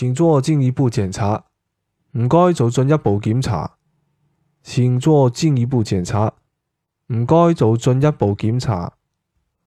請做進一步檢查，唔該做進一步檢查。請做進一步檢查，唔該做進一步檢查。